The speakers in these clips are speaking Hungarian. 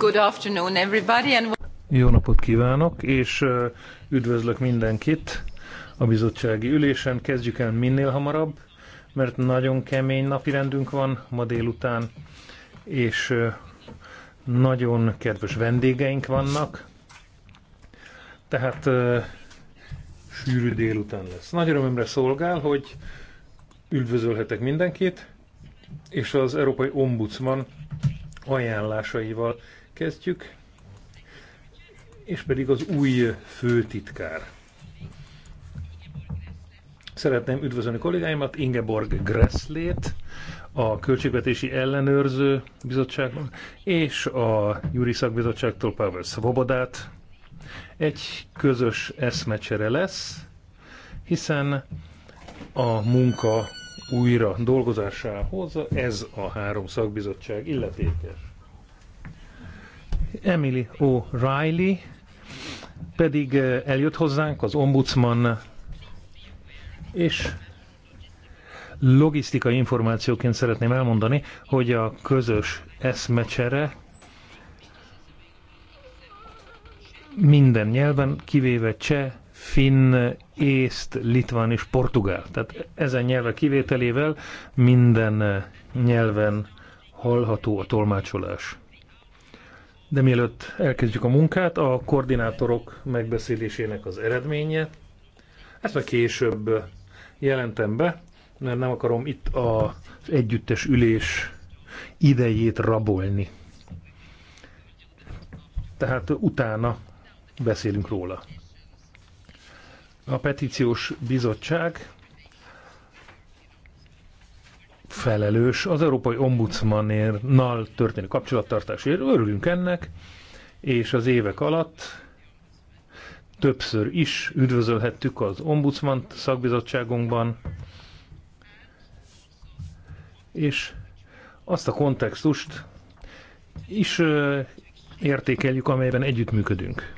Good afternoon everybody and... Jó napot kívánok, és üdvözlök mindenkit a bizottsági ülésen. Kezdjük el minél hamarabb, mert nagyon kemény napi rendünk van ma délután, és nagyon kedves vendégeink vannak. Tehát sűrű délután lesz. Nagy örömömre szolgál, hogy üdvözölhetek mindenkit, és az Európai Ombudsman ajánlásaival kezdjük, és pedig az új főtitkár. Szeretném üdvözölni kollégáimat, Ingeborg Gresslét, a Költségvetési Ellenőrző Bizottságban, és a Júri Szakbizottságtól Pavel Svobodát. Egy közös eszmecsere lesz, hiszen a munka újra dolgozásához ez a három szakbizottság illetékes. Emily O'Reilly pedig eh, eljött hozzánk, az ombudsman, és logisztikai információként szeretném elmondani, hogy a közös eszmecsere minden nyelven, kivéve cseh, finn, észt, litván és portugál. Tehát ezen nyelve kivételével minden eh, nyelven hallható a tolmácsolás. De mielőtt elkezdjük a munkát, a koordinátorok megbeszélésének az eredménye. Ezt a később jelentem be, mert nem akarom itt az együttes ülés idejét rabolni. Tehát utána beszélünk róla. A petíciós bizottság felelős az Európai Ombudsmannal történő kapcsolattartásért. Örülünk ennek, és az évek alatt többször is üdvözölhettük az Ombudsman szakbizottságunkban, és azt a kontextust is értékeljük, amelyben együttműködünk.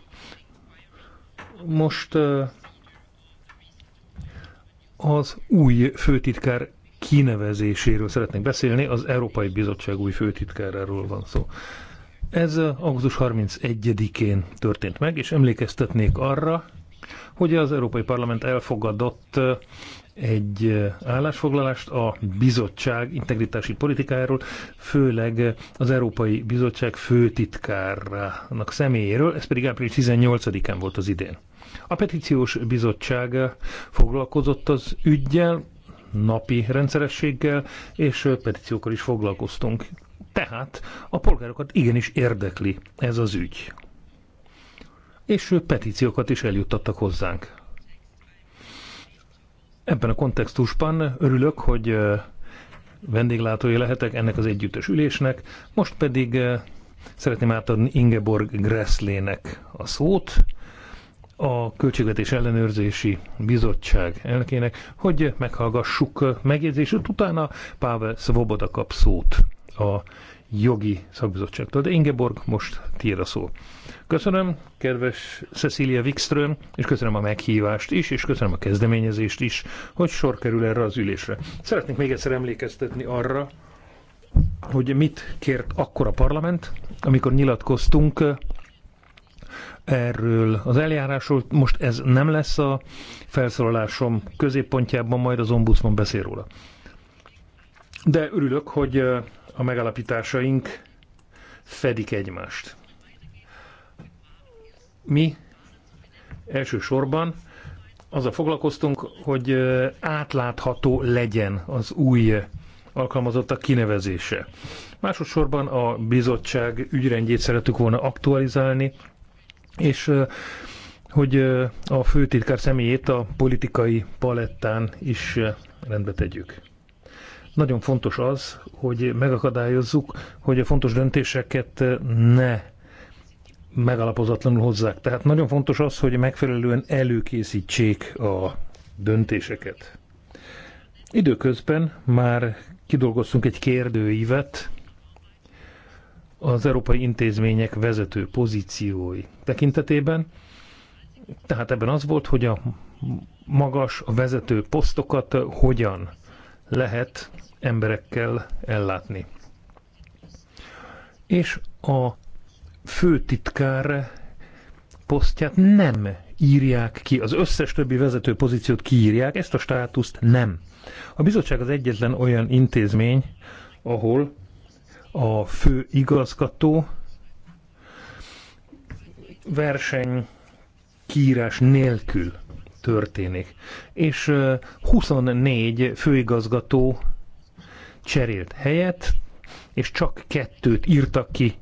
Most az új főtitkár kinevezéséről szeretnék beszélni, az Európai Bizottság új főtitkáráról van szó. Ez augusztus 31-én történt meg, és emlékeztetnék arra, hogy az Európai Parlament elfogadott egy állásfoglalást a bizottság integritási politikájáról, főleg az Európai Bizottság főtitkárának személyéről, ez pedig április 18-án volt az idén. A petíciós bizottság foglalkozott az ügyjel, napi rendszerességgel, és petíciókkal is foglalkoztunk. Tehát a polgárokat igenis érdekli ez az ügy. És petíciókat is eljuttattak hozzánk. Ebben a kontextusban örülök, hogy vendéglátója lehetek ennek az együttes ülésnek, most pedig szeretném átadni Ingeborg Gresslének a szót, a Költségvetés Ellenőrzési Bizottság elnökének, hogy meghallgassuk megjegyzését, utána Pável Szvoboda kap szót a jogi szakbizottságtól. De Ingeborg, most tiéd a szó. Köszönöm, kedves Cecilia Wikström, és köszönöm a meghívást is, és köszönöm a kezdeményezést is, hogy sor kerül erre az ülésre. Szeretnék még egyszer emlékeztetni arra, hogy mit kért akkor a parlament, amikor nyilatkoztunk erről az eljárásról. Most ez nem lesz a felszólalásom középpontjában, majd az ombudsman beszél róla. De örülök, hogy a megalapításaink fedik egymást. Mi elsősorban azzal foglalkoztunk, hogy átlátható legyen az új alkalmazottak kinevezése. Másodszorban a bizottság ügyrendjét szeretük volna aktualizálni, és hogy a főtitkár személyét a politikai palettán is rendbe tegyük. Nagyon fontos az, hogy megakadályozzuk, hogy a fontos döntéseket ne megalapozatlanul hozzák. Tehát nagyon fontos az, hogy megfelelően előkészítsék a döntéseket. Időközben már kidolgoztunk egy kérdőívet az európai intézmények vezető pozíciói tekintetében. Tehát ebben az volt, hogy a magas, a vezető posztokat hogyan lehet emberekkel ellátni. És a főtitkár posztját nem írják ki, az összes többi vezető pozíciót kiírják, ezt a státuszt nem. A bizottság az egyetlen olyan intézmény, ahol a fő igazgató verseny kiírás nélkül történik. És 24 főigazgató cserélt helyet, és csak kettőt írtak ki.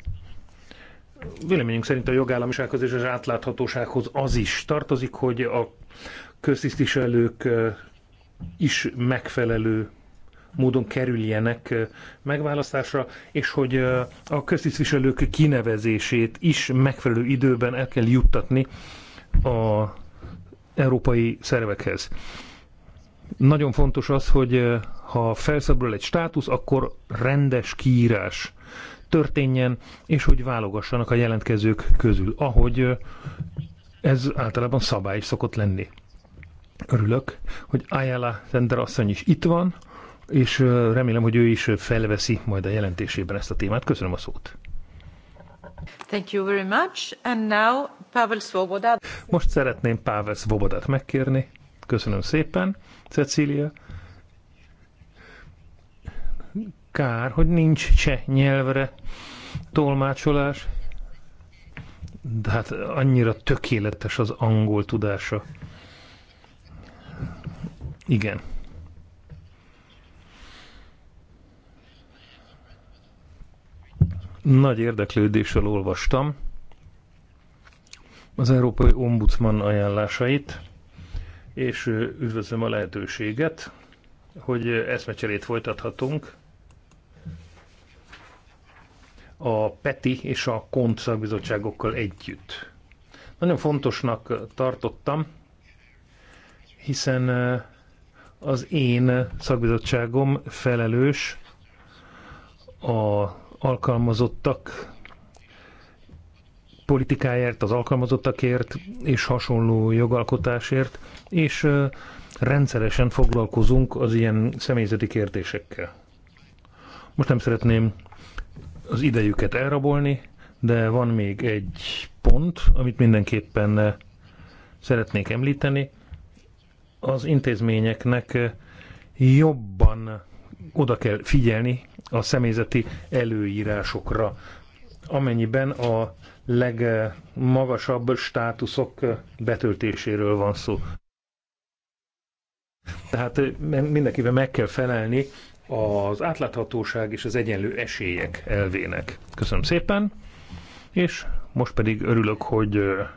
Véleményünk szerint a jogállamisághoz és az átláthatósághoz az is tartozik, hogy a köztisztviselők is megfelelő módon kerüljenek megválasztásra, és hogy a köztisztviselők kinevezését is megfelelő időben el kell juttatni a európai szervekhez. Nagyon fontos az, hogy ha felszabadul egy státusz, akkor rendes kiírás történjen, és hogy válogassanak a jelentkezők közül, ahogy ez általában szabály szokott lenni. Örülök, hogy Ayala tender asszony is itt van, és remélem, hogy ő is felveszi majd a jelentésében ezt a témát. Köszönöm a szót. Thank you very much. And now Pavel Svoboda. Most szeretném Pavel Svobodát megkérni. Köszönöm szépen, Cecília. Kár, hogy nincs cseh nyelvre tolmácsolás. De hát annyira tökéletes az angol tudása. Igen. Nagy érdeklődéssel olvastam az Európai Ombudsman ajánlásait, és üdvözlöm a lehetőséget, hogy eszmecserét folytathatunk a PETI és a KONT szakbizottságokkal együtt. Nagyon fontosnak tartottam, hiszen az én szakbizottságom felelős a alkalmazottak politikáért, az alkalmazottakért és hasonló jogalkotásért, és rendszeresen foglalkozunk az ilyen személyzeti kérdésekkel. Most nem szeretném az idejüket elrabolni, de van még egy pont, amit mindenképpen szeretnék említeni. Az intézményeknek jobban oda kell figyelni a személyzeti előírásokra, amennyiben a legmagasabb státuszok betöltéséről van szó. Tehát eh, mindenkivel meg kell felelni az átláthatóság és az egyenlő esélyek elvének. Köszönöm szépen, és most pedig örülök, hogy eh,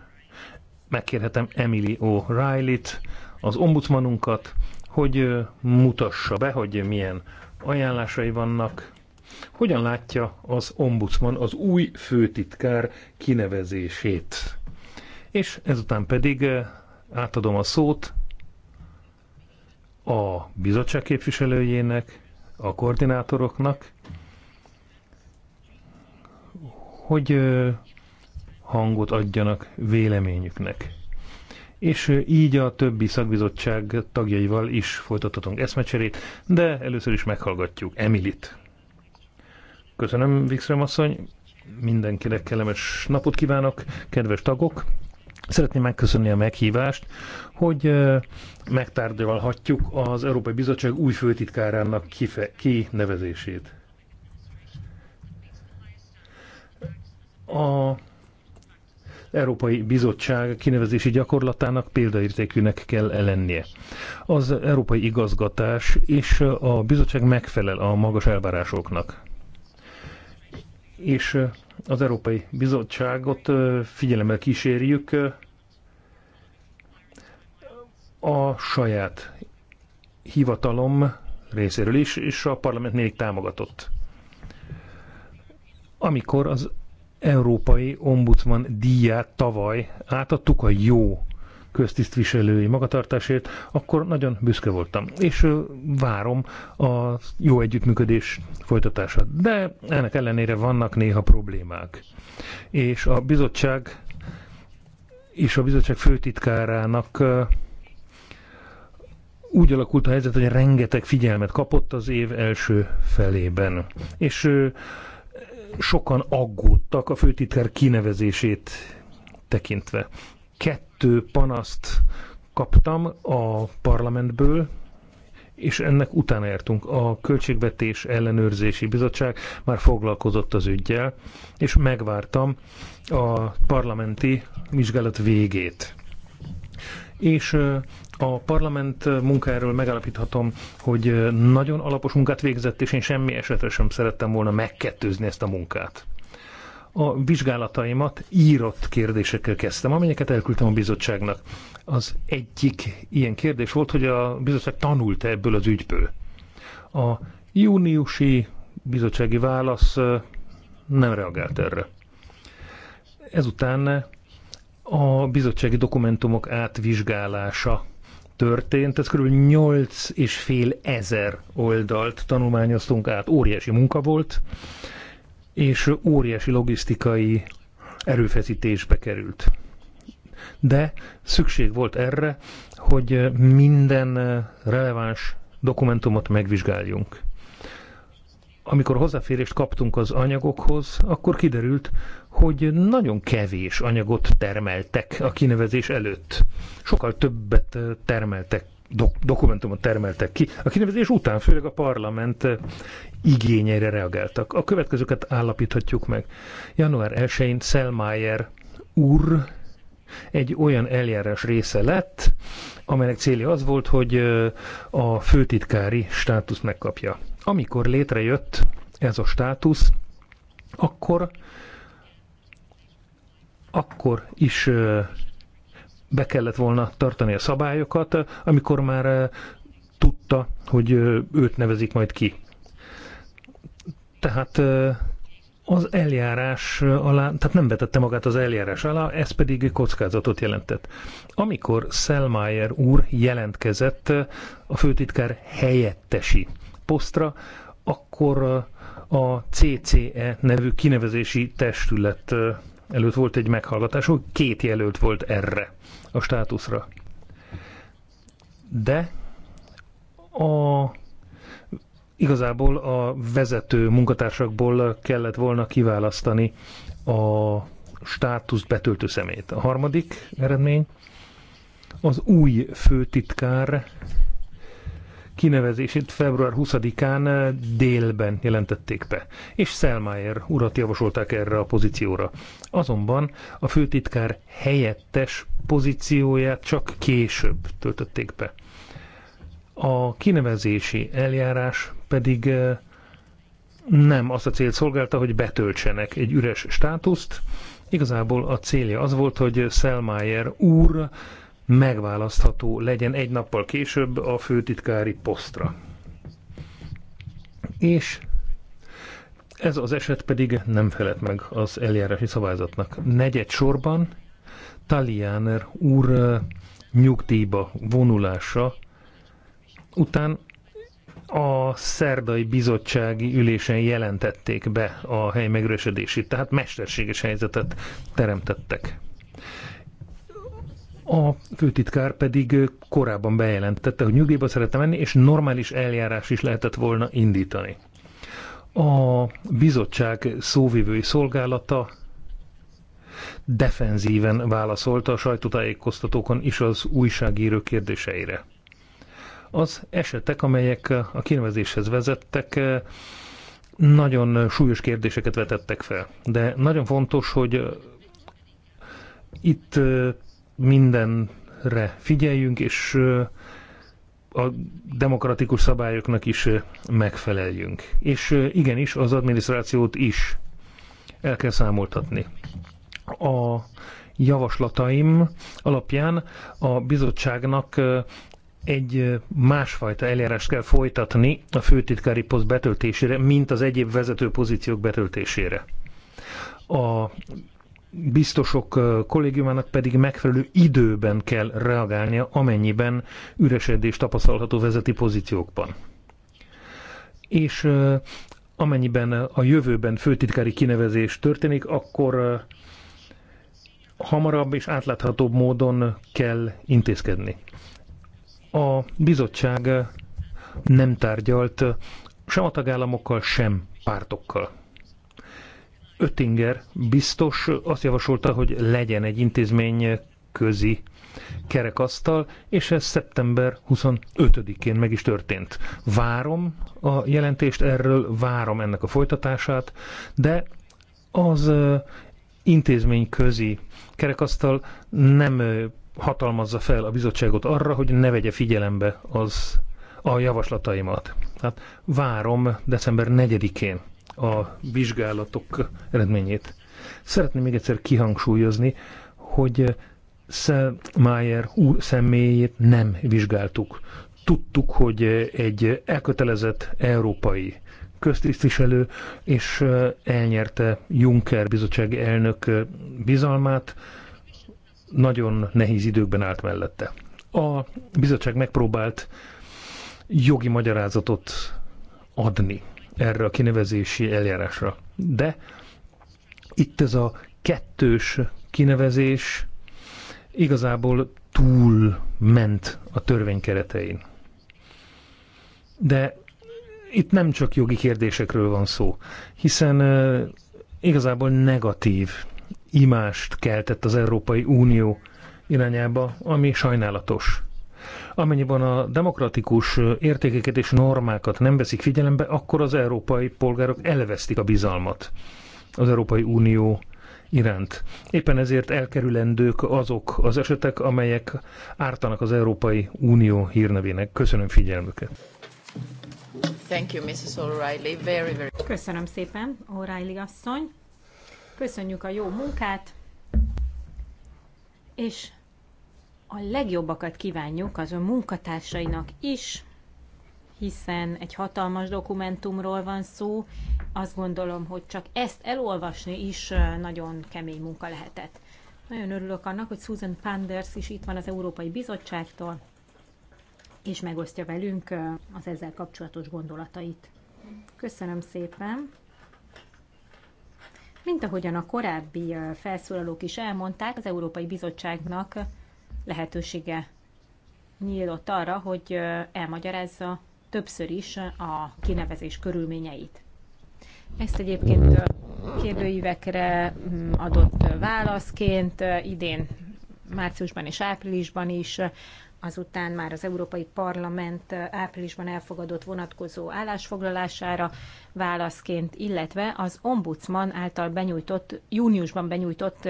megkérhetem Emily O'Reilly-t, az ombudsmanunkat, hogy mutassa be, hogy milyen ajánlásai vannak, hogyan látja az ombudsman az új főtitkár kinevezését. És ezután pedig átadom a szót a bizottság képviselőjének, a koordinátoroknak, hogy hangot adjanak véleményüknek és így a többi szakbizottság tagjaival is folytathatunk eszmecserét, de először is meghallgatjuk Emilit. Köszönöm, Vixrem asszony, mindenkinek kellemes napot kívánok, kedves tagok! Szeretném megköszönni a meghívást, hogy megtárgyalhatjuk az Európai Bizottság új főtitkárának kinevezését. A Európai Bizottság kinevezési gyakorlatának példaértékűnek kell lennie. Az európai igazgatás és a bizottság megfelel a magas elvárásoknak. És az Európai Bizottságot figyelemmel kísérjük a saját hivatalom részéről is, és a parlament még támogatott. Amikor az Európai Ombudsman díját tavaly átadtuk a jó köztisztviselői magatartásért, akkor nagyon büszke voltam. És várom a jó együttműködés folytatását. De ennek ellenére vannak néha problémák. És a bizottság és a bizottság főtitkárának úgy alakult a helyzet, hogy rengeteg figyelmet kapott az év első felében. És sokan aggódtak a főtitkár kinevezését tekintve. Kettő panaszt kaptam a parlamentből, és ennek utána értünk. A Költségvetés Ellenőrzési Bizottság már foglalkozott az ügyjel, és megvártam a parlamenti vizsgálat végét. És a parlament munkáról megállapíthatom, hogy nagyon alapos munkát végzett, és én semmi esetre sem szerettem volna megkettőzni ezt a munkát. A vizsgálataimat írott kérdésekkel kezdtem, amelyeket elküldtem a bizottságnak. Az egyik ilyen kérdés volt, hogy a bizottság tanult -e ebből az ügyből. A júniusi bizottsági válasz nem reagált erre. Ezután a bizottsági dokumentumok átvizsgálása történt, ez kb. 8 és fél ezer oldalt tanulmányoztunk át, óriási munka volt, és óriási logisztikai erőfeszítésbe került. De szükség volt erre, hogy minden releváns dokumentumot megvizsgáljunk amikor hozzáférést kaptunk az anyagokhoz, akkor kiderült, hogy nagyon kevés anyagot termeltek a kinevezés előtt. Sokkal többet termeltek, dok- dokumentumot termeltek ki. A kinevezés után főleg a parlament igényeire reagáltak. A következőket állapíthatjuk meg. Január 1-én Selmayr úr egy olyan eljárás része lett, amelynek célja az volt, hogy a főtitkári státuszt megkapja. Amikor létrejött ez a státusz, akkor, akkor is be kellett volna tartani a szabályokat, amikor már tudta, hogy őt nevezik majd ki. Tehát az eljárás alá, tehát nem vetette magát az eljárás alá, ez pedig kockázatot jelentett. Amikor Selmayr úr jelentkezett a főtitkár helyettesi posztra, akkor a CCE nevű kinevezési testület előtt volt egy meghallgatás, hogy két jelölt volt erre a státuszra. De a igazából a vezető munkatársakból kellett volna kiválasztani a státuszt betöltő szemét. A harmadik eredmény az új főtitkár kinevezését február 20-án délben jelentették be, és Selmayr urat javasolták erre a pozícióra. Azonban a főtitkár helyettes pozícióját csak később töltötték be. A kinevezési eljárás pedig eh, nem azt a célt szolgálta, hogy betöltsenek egy üres státuszt. Igazából a célja az volt, hogy Selmayr úr megválasztható legyen egy nappal később a főtitkári posztra. És ez az eset pedig nem felett meg az eljárási szabályzatnak. Negyed sorban Talianer úr nyugdíjba vonulása után a szerdai bizottsági ülésen jelentették be a hely megresedését, tehát mesterséges helyzetet teremtettek. A főtitkár pedig korábban bejelentette, hogy nyugdíjba szeretne menni, és normális eljárás is lehetett volna indítani. A bizottság szóvivői szolgálata defenzíven válaszolta a sajtótájékoztatókon is az újságíró kérdéseire. Az esetek, amelyek a kinevezéshez vezettek, nagyon súlyos kérdéseket vetettek fel. De nagyon fontos, hogy itt mindenre figyeljünk, és a demokratikus szabályoknak is megfeleljünk. És igenis, az adminisztrációt is el kell számoltatni. A javaslataim alapján a bizottságnak egy másfajta eljárást kell folytatni a főtitkári poszt betöltésére, mint az egyéb vezető pozíciók betöltésére. A biztosok kollégiumának pedig megfelelő időben kell reagálnia, amennyiben üresedés tapasztalható vezeti pozíciókban. És amennyiben a jövőben főtitkári kinevezés történik, akkor hamarabb és átláthatóbb módon kell intézkedni. A bizottság nem tárgyalt sem a tagállamokkal, sem pártokkal. Öttinger biztos azt javasolta, hogy legyen egy intézmény közi kerekasztal, és ez szeptember 25-én meg is történt. Várom a jelentést erről, várom ennek a folytatását, de az intézmény közi kerekasztal nem hatalmazza fel a bizottságot arra, hogy ne vegye figyelembe az a javaslataimat. Tehát várom december 4-én a vizsgálatok eredményét. Szeretném még egyszer kihangsúlyozni, hogy Szelmájer úr személyét nem vizsgáltuk. Tudtuk, hogy egy elkötelezett európai köztisztviselő, és elnyerte Juncker bizottság elnök bizalmát, nagyon nehéz időkben állt mellette. A bizottság megpróbált jogi magyarázatot adni erre a kinevezési eljárásra. De itt ez a kettős kinevezés igazából túl ment a törvény keretein. De itt nem csak jogi kérdésekről van szó, hiszen uh, igazából negatív imást keltett az Európai Unió irányába, ami sajnálatos. Amennyiben a demokratikus értékeket és normákat nem veszik figyelembe, akkor az európai polgárok elvesztik a bizalmat az Európai Unió iránt. Éppen ezért elkerülendők azok az esetek, amelyek ártanak az Európai Unió hírnevének. Köszönöm figyelmüket. Thank you, Mrs. O'Reilly. Very, very... Köszönöm szépen, O'Reilly asszony. Köszönjük a jó munkát, és a legjobbakat kívánjuk az ön munkatársainak is, hiszen egy hatalmas dokumentumról van szó. Azt gondolom, hogy csak ezt elolvasni is nagyon kemény munka lehetett. Nagyon örülök annak, hogy Susan Panders is itt van az Európai Bizottságtól, és megosztja velünk az ezzel kapcsolatos gondolatait. Köszönöm szépen! Mint ahogyan a korábbi felszólalók is elmondták, az Európai Bizottságnak lehetősége nyílott arra, hogy elmagyarázza többször is a kinevezés körülményeit. Ezt egyébként kérdőívekre mm, adott válaszként idén márciusban és áprilisban is, azután már az Európai Parlament áprilisban elfogadott vonatkozó állásfoglalására válaszként, illetve az ombudsman által benyújtott, júniusban benyújtott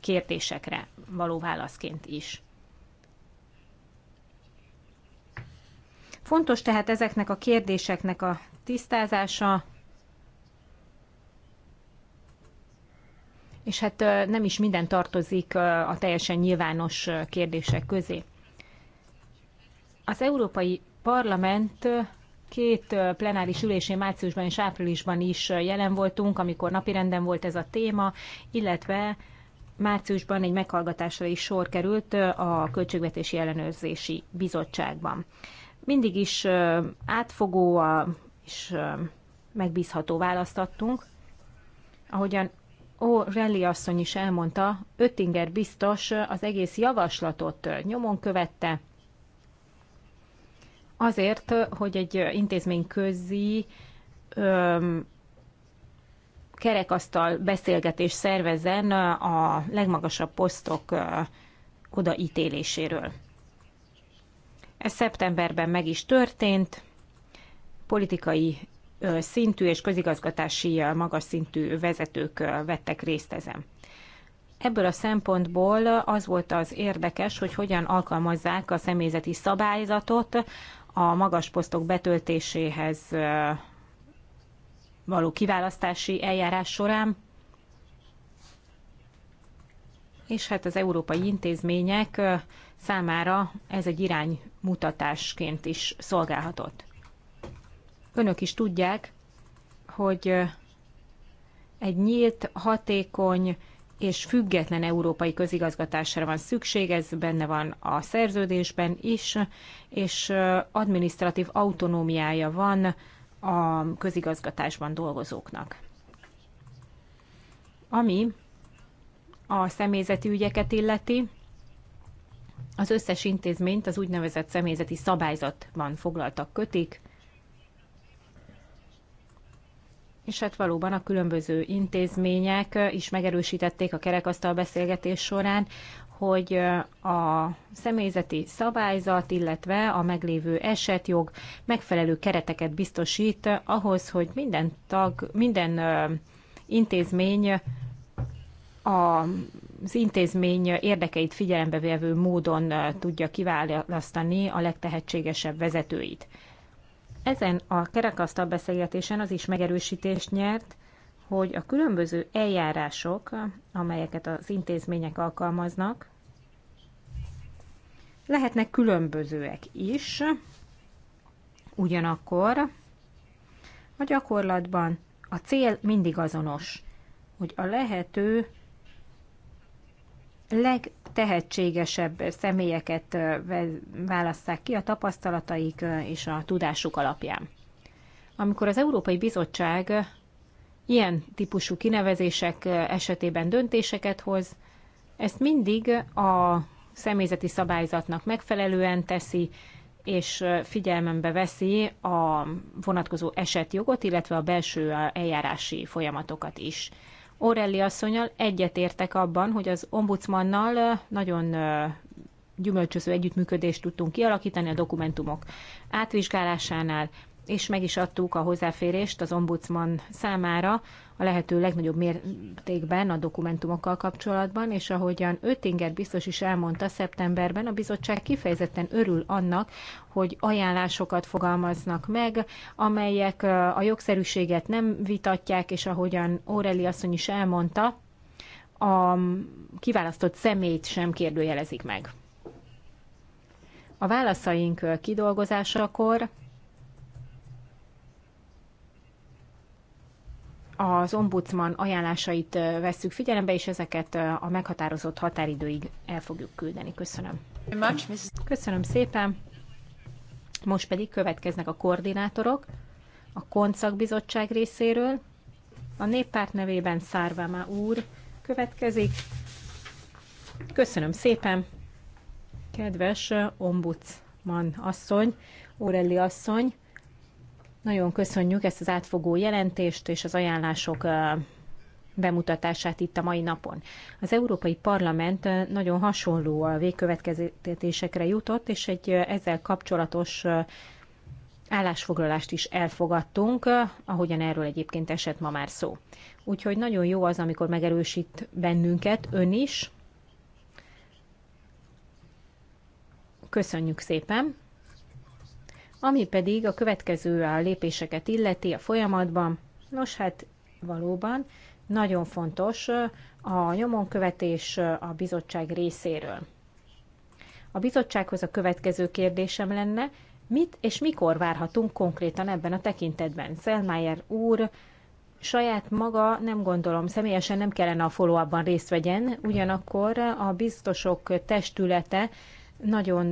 kérdésekre való válaszként is. Fontos tehát ezeknek a kérdéseknek a tisztázása, és hát nem is minden tartozik a teljesen nyilvános kérdések közé. Az Európai Parlament két plenáris ülésén márciusban és áprilisban is jelen voltunk, amikor napirenden volt ez a téma, illetve márciusban egy meghallgatásra is sor került a Költségvetési Ellenőrzési Bizottságban mindig is átfogó és megbízható választ adtunk. Ahogyan Ó, Relli asszony is elmondta, Öttinger biztos az egész javaslatot nyomon követte, azért, hogy egy intézmény közi öm, kerekasztal beszélgetés szervezzen a legmagasabb posztok odaítéléséről. Ez szeptemberben meg is történt, politikai szintű és közigazgatási magas szintű vezetők vettek részt ezen. Ebből a szempontból az volt az érdekes, hogy hogyan alkalmazzák a személyzeti szabályzatot a magas posztok betöltéséhez való kiválasztási eljárás során, és hát az európai intézmények számára ez egy iránymutatásként is szolgálhatott. Önök is tudják, hogy egy nyílt, hatékony és független európai közigazgatásra van szükség, ez benne van a szerződésben is, és administratív autonómiája van a közigazgatásban dolgozóknak. Ami a személyzeti ügyeket illeti, az összes intézményt az úgynevezett személyzeti szabályzatban foglaltak kötik, és hát valóban a különböző intézmények is megerősítették a kerekasztal beszélgetés során, hogy a személyzeti szabályzat, illetve a meglévő esetjog megfelelő kereteket biztosít ahhoz, hogy minden tag, minden intézmény az intézmény érdekeit figyelembe vevő módon tudja kiválasztani a legtehetségesebb vezetőit. Ezen a kerekasztal beszélgetésen az is megerősítést nyert, hogy a különböző eljárások, amelyeket az intézmények alkalmaznak, lehetnek különbözőek is, ugyanakkor a gyakorlatban a cél mindig azonos, hogy a lehető legtehetségesebb személyeket választák ki a tapasztalataik és a tudásuk alapján. Amikor az Európai Bizottság ilyen típusú kinevezések esetében döntéseket hoz, ezt mindig a személyzeti szabályzatnak megfelelően teszi, és figyelmembe veszi a vonatkozó esetjogot, illetve a belső eljárási folyamatokat is. Orelli asszonyal egyetértek abban, hogy az ombudsmannal nagyon gyümölcsöző együttműködést tudtunk kialakítani a dokumentumok átvizsgálásánál, és meg is adtuk a hozzáférést az ombudsman számára a lehető legnagyobb mértékben a dokumentumokkal kapcsolatban, és ahogyan Öttinger biztos is elmondta szeptemberben, a bizottság kifejezetten örül annak, hogy ajánlásokat fogalmaznak meg, amelyek a jogszerűséget nem vitatják, és ahogyan Aureli asszony is elmondta, a kiválasztott személyt sem kérdőjelezik meg. A válaszaink kidolgozásakor az ombudsman ajánlásait vesszük figyelembe, és ezeket a meghatározott határidőig el fogjuk küldeni. Köszönöm. Köszönöm szépen. Most pedig következnek a koordinátorok a Koncakbizottság részéről. A néppárt nevében Szárvámá úr következik. Köszönöm szépen, kedves ombudsman asszony, Órelli asszony. Nagyon köszönjük ezt az átfogó jelentést és az ajánlások bemutatását itt a mai napon. Az Európai Parlament nagyon hasonló a végkövetkeztetésekre jutott, és egy ezzel kapcsolatos állásfoglalást is elfogadtunk, ahogyan erről egyébként esett ma már szó. Úgyhogy nagyon jó az, amikor megerősít bennünket ön is. Köszönjük szépen! Ami pedig a következő a lépéseket illeti a folyamatban, nos hát valóban nagyon fontos a nyomonkövetés a bizottság részéről. A bizottsághoz a következő kérdésem lenne, mit és mikor várhatunk konkrétan ebben a tekintetben? Szelmájer úr saját maga nem gondolom, személyesen nem kellene a follow részt vegyen, ugyanakkor a biztosok testülete nagyon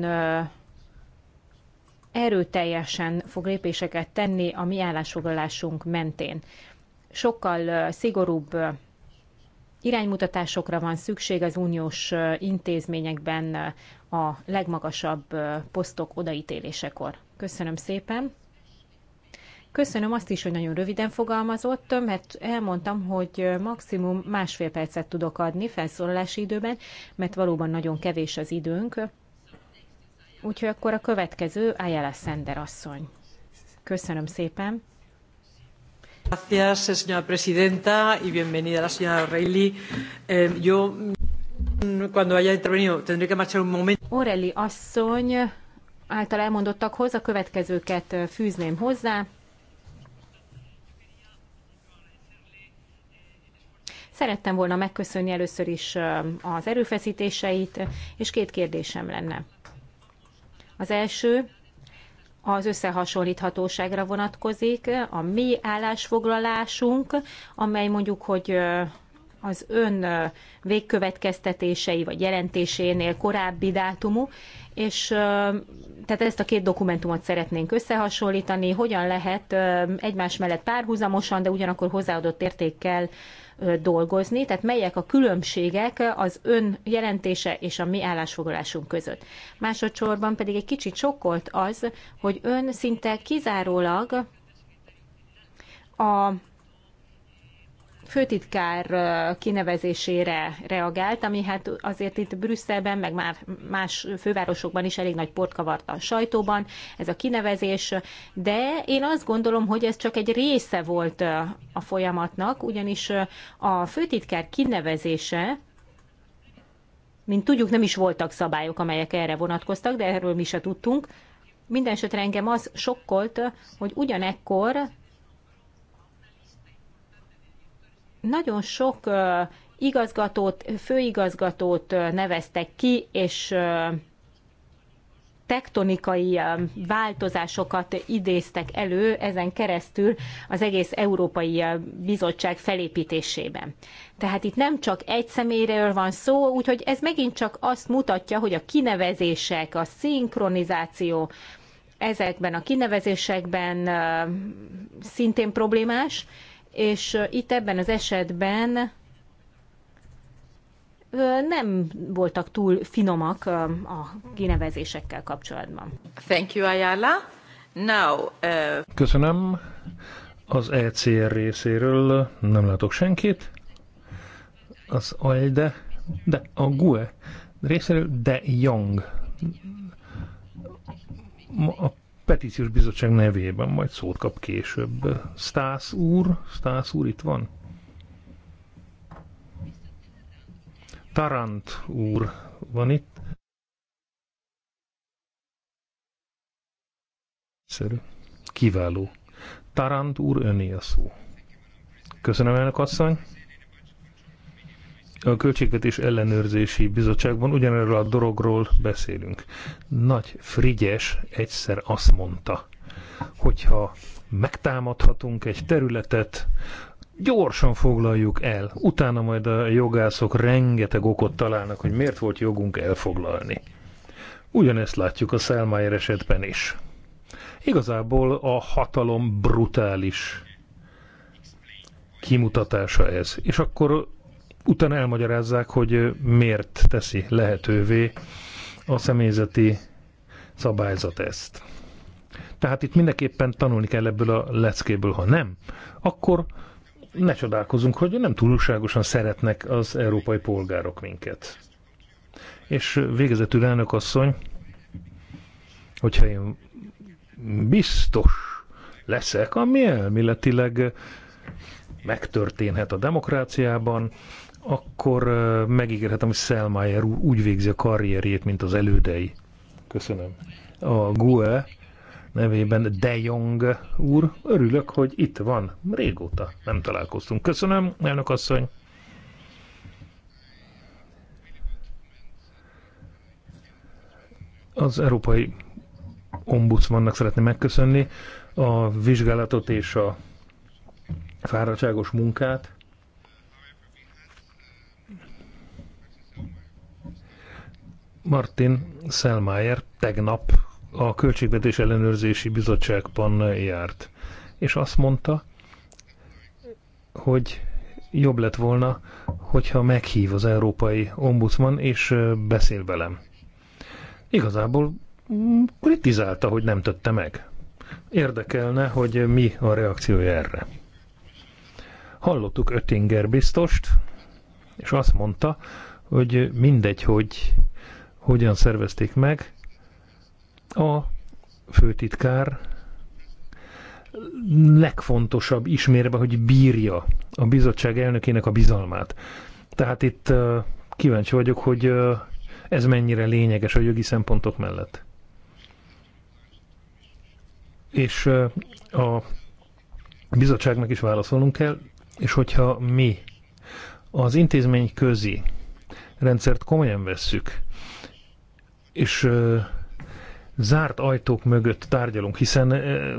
erőteljesen fog lépéseket tenni a mi állásfoglalásunk mentén. Sokkal szigorúbb iránymutatásokra van szükség az uniós intézményekben a legmagasabb posztok odaítélésekor. Köszönöm szépen! Köszönöm azt is, hogy nagyon röviden fogalmazott, mert elmondtam, hogy maximum másfél percet tudok adni felszólalási időben, mert valóban nagyon kevés az időnk. Úgyhogy akkor a következő Ayala Sender asszony. Köszönöm szépen. Gracias, señora presidenta, y bienvenida la señora Reilly. Eh, yo, mm, cuando haya intervenido, tendré que marchar un momento. Orelli asszony által elmondottakhoz a következőket eh, fűzném hozzá. Szerettem volna megköszönni először is eh, az erőfeszítéseit, és két kérdésem lenne. Az első az összehasonlíthatóságra vonatkozik, a mi állásfoglalásunk, amely mondjuk, hogy az ön végkövetkeztetései vagy jelentésénél korábbi dátumú, és tehát ezt a két dokumentumot szeretnénk összehasonlítani, hogyan lehet egymás mellett párhuzamosan, de ugyanakkor hozzáadott értékkel dolgozni, tehát melyek a különbségek az ön jelentése és a mi állásfoglalásunk között. Másodszorban pedig egy kicsit sokkolt az, hogy ön szinte kizárólag a főtitkár kinevezésére reagált, ami hát azért itt Brüsszelben, meg már más fővárosokban is elég nagy port kavart a sajtóban, ez a kinevezés, de én azt gondolom, hogy ez csak egy része volt a folyamatnak, ugyanis a főtitkár kinevezése mint tudjuk, nem is voltak szabályok, amelyek erre vonatkoztak, de erről mi se tudtunk. Mindenesetre engem az sokkolt, hogy ugyanekkor nagyon sok igazgatót, főigazgatót neveztek ki, és tektonikai változásokat idéztek elő ezen keresztül az egész Európai Bizottság felépítésében. Tehát itt nem csak egy személyről van szó, úgyhogy ez megint csak azt mutatja, hogy a kinevezések, a szinkronizáció ezekben a kinevezésekben szintén problémás, és itt ebben az esetben nem voltak túl finomak a kinevezésekkel kapcsolatban. Thank you, Ayala. Now, uh... Köszönöm. Az ECR részéről nem látok senkit. Az ALDE, de a GUE részéről De Young. A petíciós bizottság nevében majd szót kap később. Stász úr, Stász úr itt van? Tarant úr van itt. Szerű. Kiváló. Tarant úr öné a szó. Köszönöm, elnök asszony a Költségvetés Ellenőrzési Bizottságban ugyanerről a dologról beszélünk. Nagy Frigyes egyszer azt mondta, hogyha megtámadhatunk egy területet, gyorsan foglaljuk el, utána majd a jogászok rengeteg okot találnak, hogy miért volt jogunk elfoglalni. Ugyanezt látjuk a Szelmájer esetben is. Igazából a hatalom brutális kimutatása ez. És akkor utána elmagyarázzák, hogy miért teszi lehetővé a személyzeti szabályzat ezt. Tehát itt mindenképpen tanulni kell ebből a leckéből, ha nem, akkor ne csodálkozunk, hogy nem túlságosan szeretnek az európai polgárok minket. És végezetül elnök asszony, hogyha én biztos leszek, ami elméletileg megtörténhet a demokráciában, akkor megígérhetem, hogy Szelmájer úgy végzi a karrierjét, mint az elődei. Köszönöm. A GUE nevében De Jong úr. Örülök, hogy itt van. Régóta nem találkoztunk. Köszönöm, elnök asszony. Az Európai Ombudsmannak szeretném megköszönni a vizsgálatot és a fáradtságos munkát. Martin Selmayr tegnap a Költségvetés Ellenőrzési Bizottságban járt, és azt mondta, hogy jobb lett volna, hogyha meghív az európai ombudsman, és beszél velem. Igazából mm, kritizálta, hogy nem tette meg. Érdekelne, hogy mi a reakciója erre. Hallottuk Öttinger biztost, és azt mondta, hogy mindegy, hogy hogyan szervezték meg. A főtitkár legfontosabb ismérve, hogy bírja a bizottság elnökének a bizalmát. Tehát itt kíváncsi vagyok, hogy ez mennyire lényeges a jogi szempontok mellett. És a bizottságnak is válaszolnunk kell, és hogyha mi az intézmény közi rendszert komolyan vesszük, és zárt ajtók mögött tárgyalunk, hiszen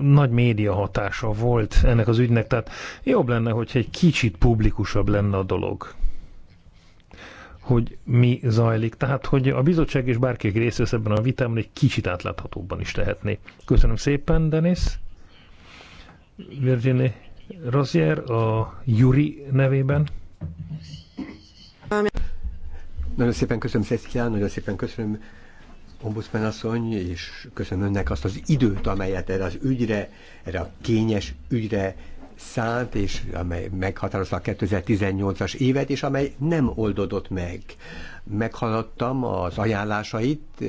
nagy média hatása volt ennek az ügynek, tehát jobb lenne, hogyha egy kicsit publikusabb lenne a dolog hogy mi zajlik. Tehát, hogy a bizottság és bárki, részt vesz ebben a vitában, egy kicsit átláthatóbban is tehetné. Köszönöm szépen, Denis. Virginie Rozier a Juri nevében. Nagyon szépen köszönöm, Szeszkián, nagyon szépen köszönöm ombudsman asszony, és köszönöm önnek azt az időt, amelyet erre az ügyre, erre a kényes ügyre szánt, és amely meghatározta a 2018-as évet, és amely nem oldodott meg. Meghaladtam az ajánlásait,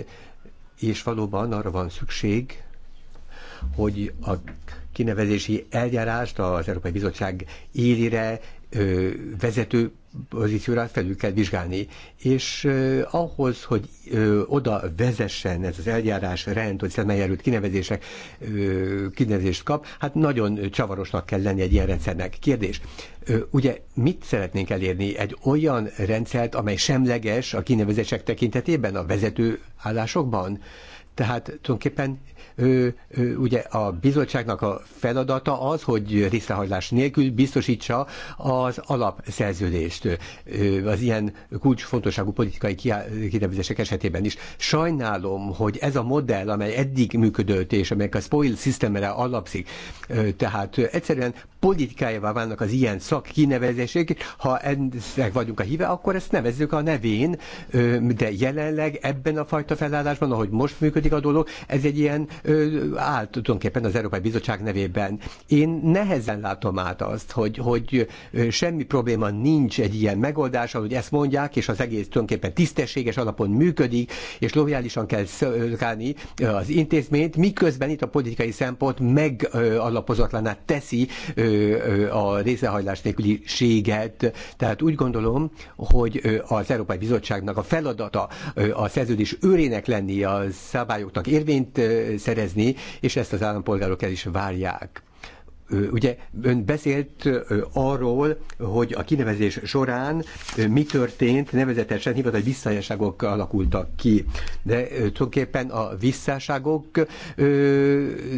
és valóban arra van szükség, hogy a kinevezési eljárást az Európai Bizottság élire vezető pozícióra felül kell vizsgálni. És eh, ahhoz, hogy eh, oda vezessen ez az eljárás rend, hogy szemeljelült kinevezések eh, kinevezést kap, hát nagyon csavarosnak kell lenni egy ilyen rendszernek. Kérdés, eh, ugye mit szeretnénk elérni? Egy olyan rendszert, amely semleges a kinevezések tekintetében, a vezető állásokban? Eh, tehát tulajdonképpen ő, ő, ugye a bizottságnak a feladata az, hogy részrehajlás nélkül biztosítsa az alapszerződést az ilyen kulcsfontosságú politikai kinevezések esetében is. Sajnálom, hogy ez a modell, amely eddig működött és amelyek a spoil systemre alapszik, tehát egyszerűen politikájává válnak az ilyen szakkinevezések, ha ennek vagyunk a híve, akkor ezt nevezzük a nevén, de jelenleg ebben a fajta felállásban, ahogy most működik a dolog, ez egy ilyen állt tulajdonképpen az Európai Bizottság nevében. Én nehezen látom át azt, hogy, hogy semmi probléma nincs egy ilyen megoldással, hogy ezt mondják, és az egész tulajdonképpen tisztességes alapon működik, és lojálisan kell szolgálni az intézményt, miközben itt a politikai szempont megalapozatlaná teszi a részehajlás nélküliséget. Tehát úgy gondolom, hogy az Európai Bizottságnak a feladata a szerződés őrének lenni, a szabályoknak érvényt szerezni, és ezt az állampolgárok el is várják. Ugye ön beszélt arról, hogy a kinevezés során mi történt, nevezetesen hivatali visszajáságok alakultak ki. De tulajdonképpen a visszáságok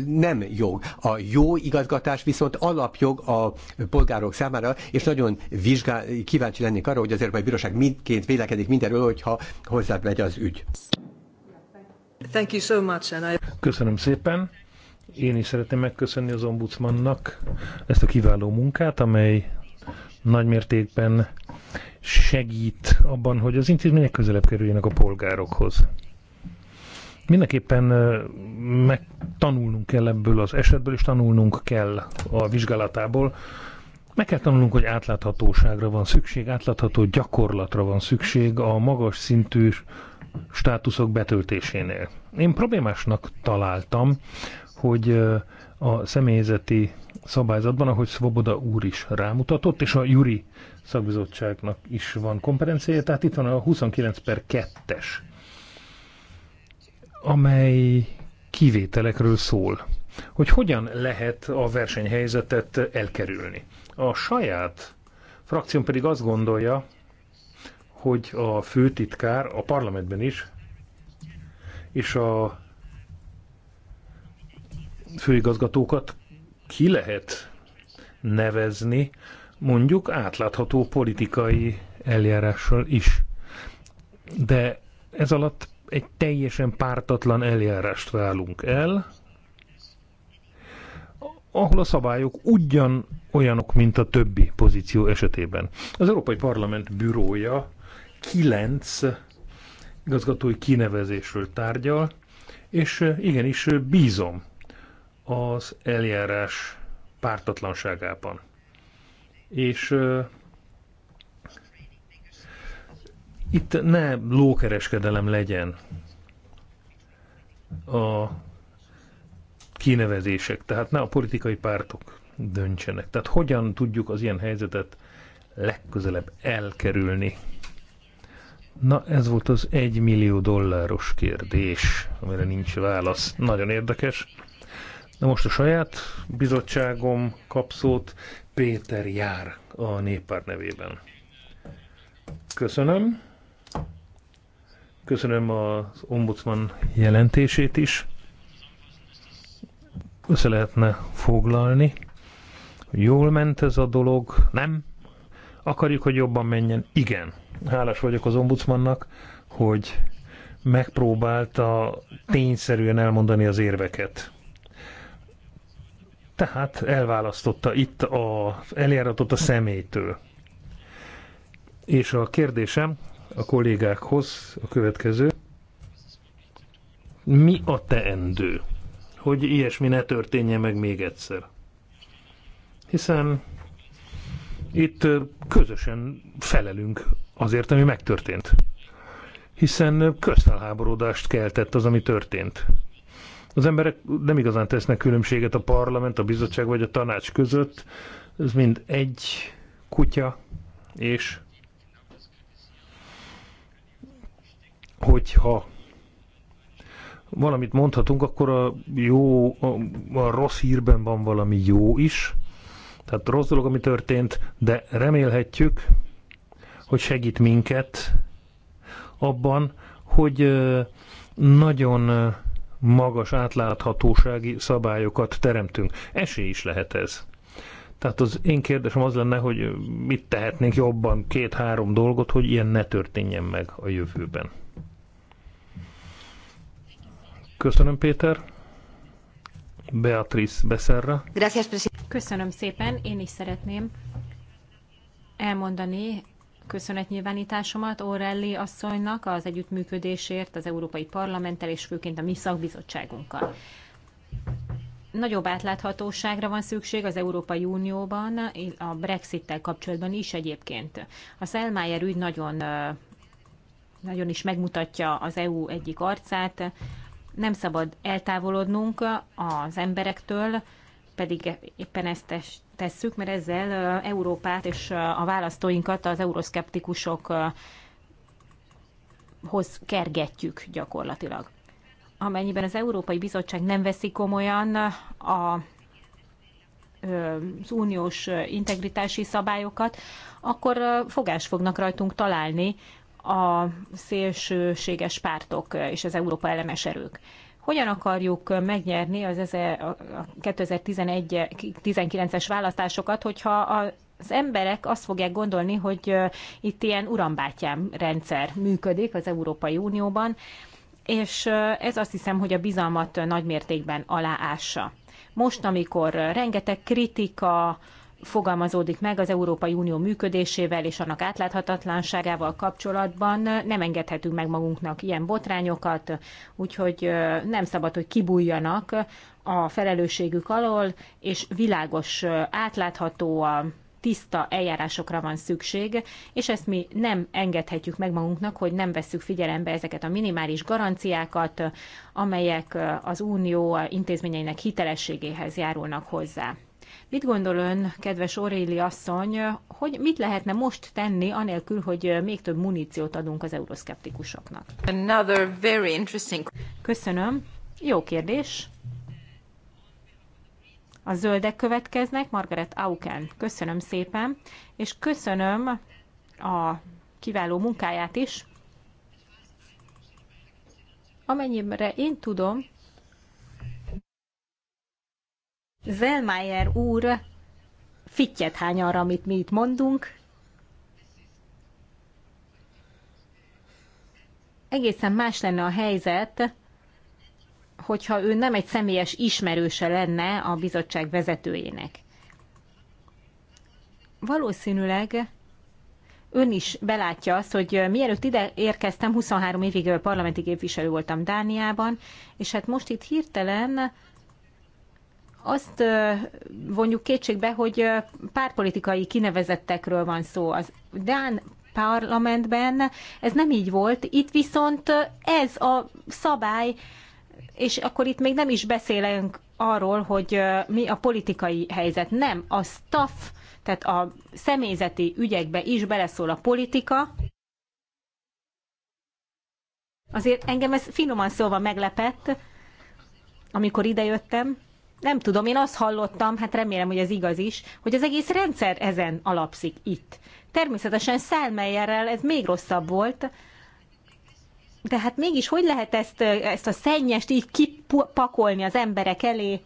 nem jog. A jó igazgatás viszont alapjog a polgárok számára, és nagyon vizsgál, kíváncsi lennék arra, hogy az Európai Bíróság mindként vélekedik mindenről, hogyha hozzá megy az ügy. Thank you so much, and I... Köszönöm szépen. Én is szeretném megköszönni az ombudsmannak ezt a kiváló munkát, amely nagymértékben segít abban, hogy az intézmények közelebb kerüljenek a polgárokhoz. Mindenképpen meg tanulnunk kell ebből az esetből, és tanulnunk kell a vizsgálatából. Meg kell tanulnunk, hogy átláthatóságra van szükség, átlátható gyakorlatra van szükség a magas szintű státuszok betöltésénél. Én problémásnak találtam, hogy a személyzeti szabályzatban, ahogy Svoboda úr is rámutatott, és a Juri szakbizottságnak is van kompetenciája, tehát itt van a 29 per 2-es, amely kivételekről szól, hogy hogyan lehet a versenyhelyzetet elkerülni. A saját frakción pedig azt gondolja, hogy a főtitkár a parlamentben is, és a főigazgatókat ki lehet nevezni, mondjuk átlátható politikai eljárással is. De ez alatt egy teljesen pártatlan eljárást válunk el, ahol a szabályok ugyan olyanok, mint a többi pozíció esetében. Az Európai Parlament bürója kilenc igazgatói kinevezésről tárgyal, és igenis bízom az eljárás pártatlanságában. És uh, itt ne lókereskedelem legyen a kinevezések, tehát ne a politikai pártok döntsenek. Tehát hogyan tudjuk az ilyen helyzetet legközelebb elkerülni? Na, ez volt az egymillió millió dolláros kérdés, amire nincs válasz. Nagyon érdekes. Na most a saját bizottságom kapszót Péter Jár a néppárt nevében. Köszönöm. Köszönöm az ombudsman jelentését is. Össze lehetne foglalni. Jól ment ez a dolog? Nem? Akarjuk, hogy jobban menjen? Igen. Hálás vagyok az ombudsmannak, hogy megpróbálta tényszerűen elmondani az érveket. Tehát elválasztotta itt a eljáratot a személytől. És a kérdésem a kollégákhoz a következő. Mi a teendő, hogy ilyesmi ne történjen meg még egyszer? Hiszen itt közösen felelünk azért, ami megtörtént. Hiszen közfelháborodást keltett az, ami történt. Az emberek nem igazán tesznek különbséget a parlament, a bizottság vagy a tanács között. Ez mind egy kutya, és hogyha valamit mondhatunk, akkor a jó, a, a rossz hírben van valami jó is. Tehát rossz dolog, ami történt, de remélhetjük, hogy segít minket abban, hogy nagyon magas átláthatósági szabályokat teremtünk. Esély is lehet ez. Tehát az én kérdésem az lenne, hogy mit tehetnénk jobban, két-három dolgot, hogy ilyen ne történjen meg a jövőben. Köszönöm, Péter. Beatrice Becerra. Köszönöm szépen, én is szeretném elmondani köszönetnyilvánításomat Orelli asszonynak az együttműködésért az Európai Parlamenttel és főként a mi szakbizottságunkkal. Nagyobb átláthatóságra van szükség az Európai Unióban, a Brexit-tel kapcsolatban is egyébként. A Selmayr ügy nagyon, nagyon is megmutatja az EU egyik arcát. Nem szabad eltávolodnunk az emberektől, pedig éppen ezt tesszük, mert ezzel Európát és a választóinkat az euroszkeptikusokhoz kergetjük gyakorlatilag. Amennyiben az Európai Bizottság nem veszi komolyan a az uniós integritási szabályokat, akkor fogás fognak rajtunk találni a szélsőséges pártok és az Európa elemes erők hogyan akarjuk megnyerni az 2019-es választásokat, hogyha az emberek azt fogják gondolni, hogy itt ilyen urambátyám rendszer működik az Európai Unióban, és ez azt hiszem, hogy a bizalmat nagymértékben aláássa. Most, amikor rengeteg kritika, fogalmazódik meg az Európai Unió működésével és annak átláthatatlanságával kapcsolatban. Nem engedhetünk meg magunknak ilyen botrányokat, úgyhogy nem szabad, hogy kibújjanak a felelősségük alól, és világos, átlátható a tiszta eljárásokra van szükség, és ezt mi nem engedhetjük meg magunknak, hogy nem vesszük figyelembe ezeket a minimális garanciákat, amelyek az unió intézményeinek hitelességéhez járulnak hozzá. Mit gondol ön, kedves Oréli asszony, hogy mit lehetne most tenni, anélkül, hogy még több muníciót adunk az euroszkeptikusoknak? Another very interesting... Köszönöm. Jó kérdés. A zöldek következnek, Margaret Auken. Köszönöm szépen, és köszönöm a kiváló munkáját is. Amennyire én tudom, Zellmeyer úr fittyet hány arra, amit mi itt mondunk. Egészen más lenne a helyzet, hogyha ő nem egy személyes ismerőse lenne a bizottság vezetőjének. Valószínűleg ön is belátja azt, hogy mielőtt ide érkeztem, 23 évig parlamenti képviselő voltam Dániában, és hát most itt hirtelen azt vonjuk kétségbe, hogy párpolitikai kinevezettekről van szó. Az Dán parlamentben ez nem így volt, itt viszont ez a szabály, és akkor itt még nem is beszélünk arról, hogy mi a politikai helyzet. Nem, a staff, tehát a személyzeti ügyekbe is beleszól a politika. Azért engem ez finoman szóval meglepett, amikor idejöttem, nem tudom, én azt hallottam, hát remélem, hogy ez igaz is, hogy az egész rendszer ezen alapszik itt. Természetesen Szelmeyerrel ez még rosszabb volt, de hát mégis hogy lehet ezt, ezt a szennyest így kipakolni az emberek elé?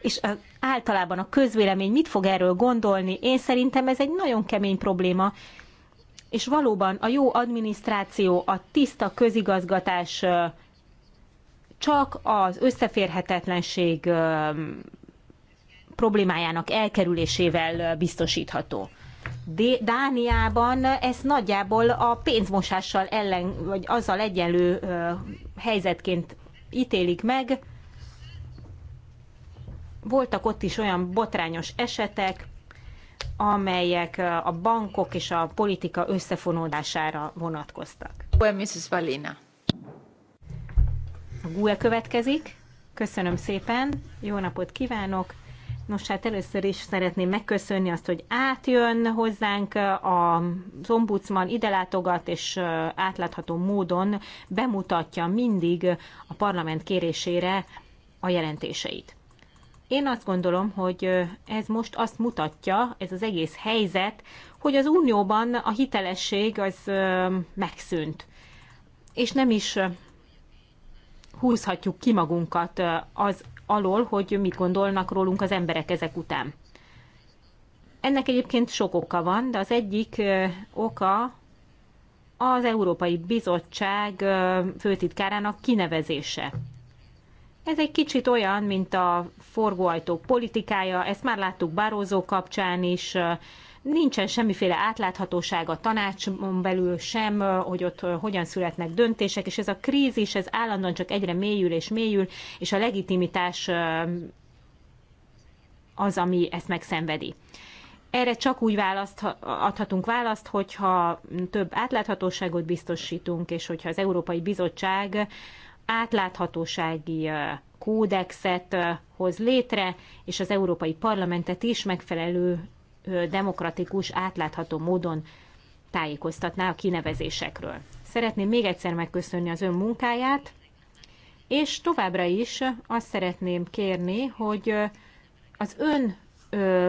És a, általában a közvélemény mit fog erről gondolni? Én szerintem ez egy nagyon kemény probléma, és valóban a jó adminisztráció, a tiszta közigazgatás csak az összeférhetetlenség problémájának elkerülésével biztosítható. Dániában ezt nagyjából a pénzmosással ellen, vagy azzal egyenlő helyzetként ítélik meg. Voltak ott is olyan botrányos esetek, amelyek a bankok és a politika összefonódására vonatkoztak. Mrs. Valina. A GUE következik. Köszönöm szépen, jó napot kívánok! Nos, hát először is szeretném megköszönni azt, hogy átjön hozzánk az ombudsman, ide látogat, és átlátható módon bemutatja mindig a parlament kérésére a jelentéseit. Én azt gondolom, hogy ez most azt mutatja, ez az egész helyzet, hogy az Unióban a hitelesség az megszűnt, és nem is húzhatjuk ki magunkat az alól, hogy mit gondolnak rólunk az emberek ezek után. Ennek egyébként sok oka van, de az egyik oka az Európai Bizottság főtitkárának kinevezése. Ez egy kicsit olyan, mint a forgóajtók politikája, ezt már láttuk Barózó kapcsán is, nincsen semmiféle átláthatóság a tanácson belül sem, hogy ott hogyan születnek döntések, és ez a krízis, ez állandóan csak egyre mélyül és mélyül, és a legitimitás az, ami ezt megszenvedi. Erre csak úgy választ, adhatunk választ, hogyha több átláthatóságot biztosítunk, és hogyha az Európai Bizottság átláthatósági kódexet hoz létre, és az Európai Parlamentet is megfelelő demokratikus, átlátható módon tájékoztatná a kinevezésekről. Szeretném még egyszer megköszönni az ön munkáját, és továbbra is azt szeretném kérni, hogy az ön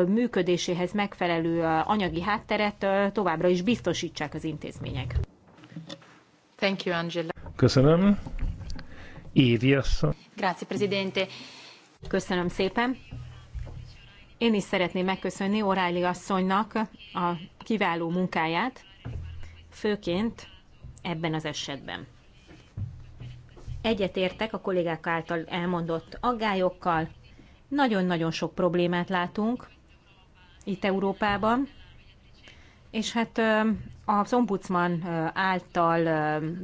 működéséhez megfelelő anyagi hátteret továbbra is biztosítsák az intézmények. Thank you, Angela. Köszönöm. Évi Grazie, Presidente. Köszönöm szépen. Én is szeretném megköszönni Oráli asszonynak a kiváló munkáját, főként ebben az esetben. Egyetértek a kollégák által elmondott aggályokkal, nagyon-nagyon sok problémát látunk itt Európában, és hát az ombudsman által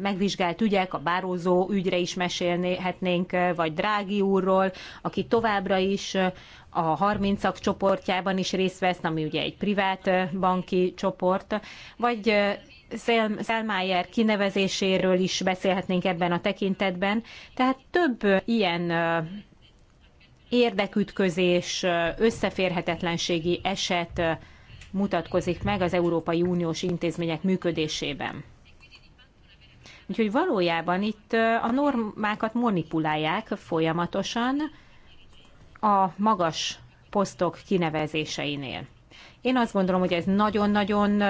megvizsgált ügyek, a bározó ügyre is mesélhetnénk, vagy Drági úrról, aki továbbra is a 30 csoportjában is részt vesz, ami ugye egy privát banki csoport, vagy Szelmájer kinevezéséről is beszélhetnénk ebben a tekintetben. Tehát több ilyen érdekütközés, összeférhetetlenségi eset mutatkozik meg az Európai Uniós intézmények működésében. Úgyhogy valójában itt a normákat manipulálják folyamatosan a magas posztok kinevezéseinél. Én azt gondolom, hogy ez nagyon-nagyon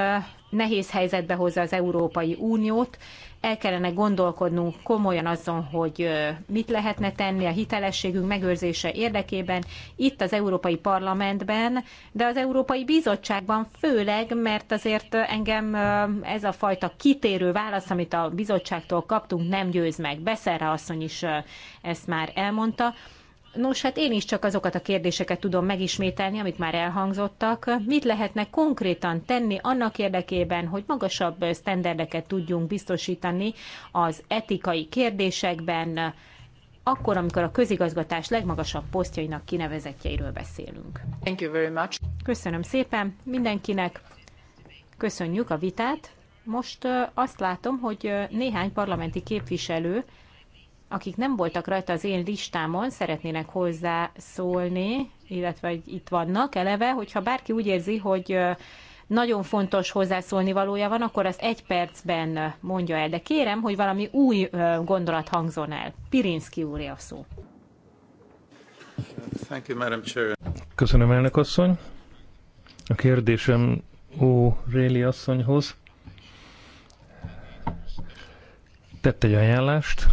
nehéz helyzetbe hozza az Európai Uniót. El kellene gondolkodnunk komolyan azon, hogy mit lehetne tenni a hitelességünk megőrzése érdekében, itt az Európai Parlamentben, de az Európai Bizottságban főleg, mert azért engem ez a fajta kitérő válasz, amit a bizottságtól kaptunk, nem győz meg. Beszerre asszony is ezt már elmondta Nos, hát én is csak azokat a kérdéseket tudom megismételni, amik már elhangzottak. Mit lehetne konkrétan tenni annak érdekében, hogy magasabb sztenderdeket tudjunk biztosítani az etikai kérdésekben, akkor, amikor a közigazgatás legmagasabb posztjainak kinevezetjeiről beszélünk. Thank you very much. Köszönöm szépen mindenkinek, köszönjük a vitát. Most azt látom, hogy néhány parlamenti képviselő akik nem voltak rajta az én listámon, szeretnének hozzászólni, illetve hogy itt vannak eleve, hogyha bárki úgy érzi, hogy nagyon fontos hozzászólni valója van, akkor azt egy percben mondja el. De kérem, hogy valami új gondolat hangzon el. Pirinszki úr a szó. Köszönöm, elnök asszony. A kérdésem Ó Réli asszonyhoz. Tett egy ajánlást,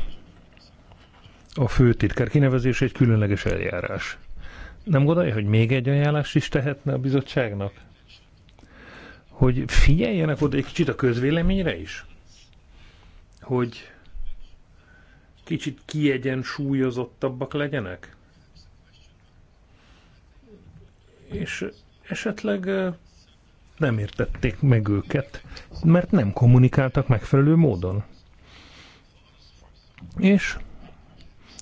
a főtitkár kinevezés egy különleges eljárás. Nem gondolja, hogy még egy ajánlást is tehetne a bizottságnak? Hogy figyeljenek oda egy kicsit a közvéleményre is? Hogy kicsit kiegyensúlyozottabbak legyenek? És esetleg nem értették meg őket, mert nem kommunikáltak megfelelő módon. És